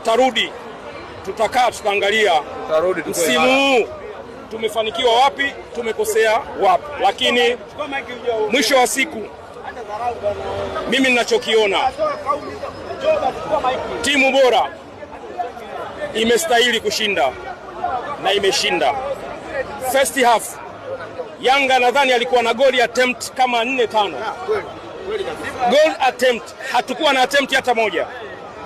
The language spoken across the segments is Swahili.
tutarudi, tutakaa, tutaangalia msimu huu tumefanikiwa wapi, tumekosea wapi, lakini mwisho wa siku mimi ninachokiona timu bora imestahili kushinda na imeshinda. First half Yanga nadhani alikuwa na goal attempt kama nne tano, goal attempt hatukuwa na attempt hata moja.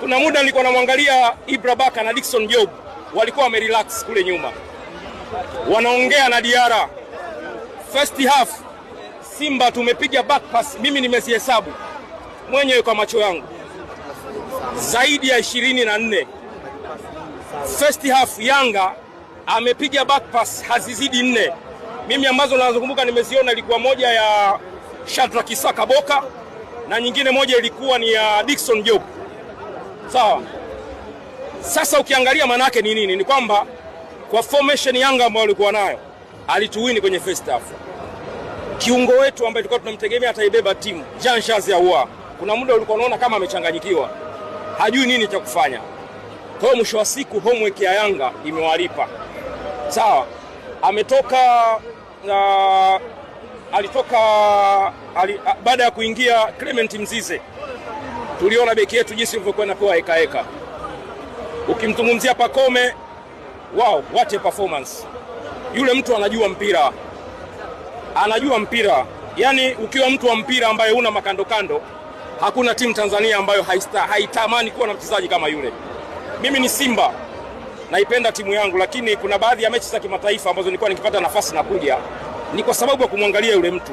Kuna muda nilikuwa namwangalia Ibra Baka na Dickson Job walikuwa wamerelax kule nyuma, wanaongea na Diara. First half Simba tumepiga back pass, mimi nimezihesabu mwenyewe kwa macho yangu zaidi ya ishirini na nne. First half Yanga amepiga back pass hazizidi nne, mimi ambazo nazokumbuka nimeziona, ilikuwa moja ya Shadrack Isaka Boka na nyingine moja ilikuwa ni ya Dickson Job sawa. Sasa ukiangalia maana yake ni nini? Ni kwamba kwa formation Yanga ambayo alikuwa nayo alituwini kwenye first half. Kiungo wetu ambaye tulikuwa tunamtegemea ataibeba timu Jean Charles Ahoua, kuna muda ulikuwa unaona kama amechanganyikiwa, hajui nini cha kufanya. Kwa hiyo mwisho wa siku homework ya Yanga imewalipa sawa. Ametoka uh, alitoka ali, baada ya kuingia Clement Mzize tuliona beki yetu jinsi ilivyokuwa inapewa heka Ukimzungumzia Pakome, wow, what a performance! Yule mtu anajua mpira, anajua mpira. Yaani ukiwa mtu wa mpira ambaye una makandokando, hakuna timu Tanzania ambayo haista, haitamani kuwa na mchezaji kama yule. Mimi ni Simba, naipenda timu yangu, lakini kuna baadhi ya mechi za kimataifa ambazo nilikuwa nikipata nafasi na kuja ni kwa sababu ya kumwangalia yule mtu.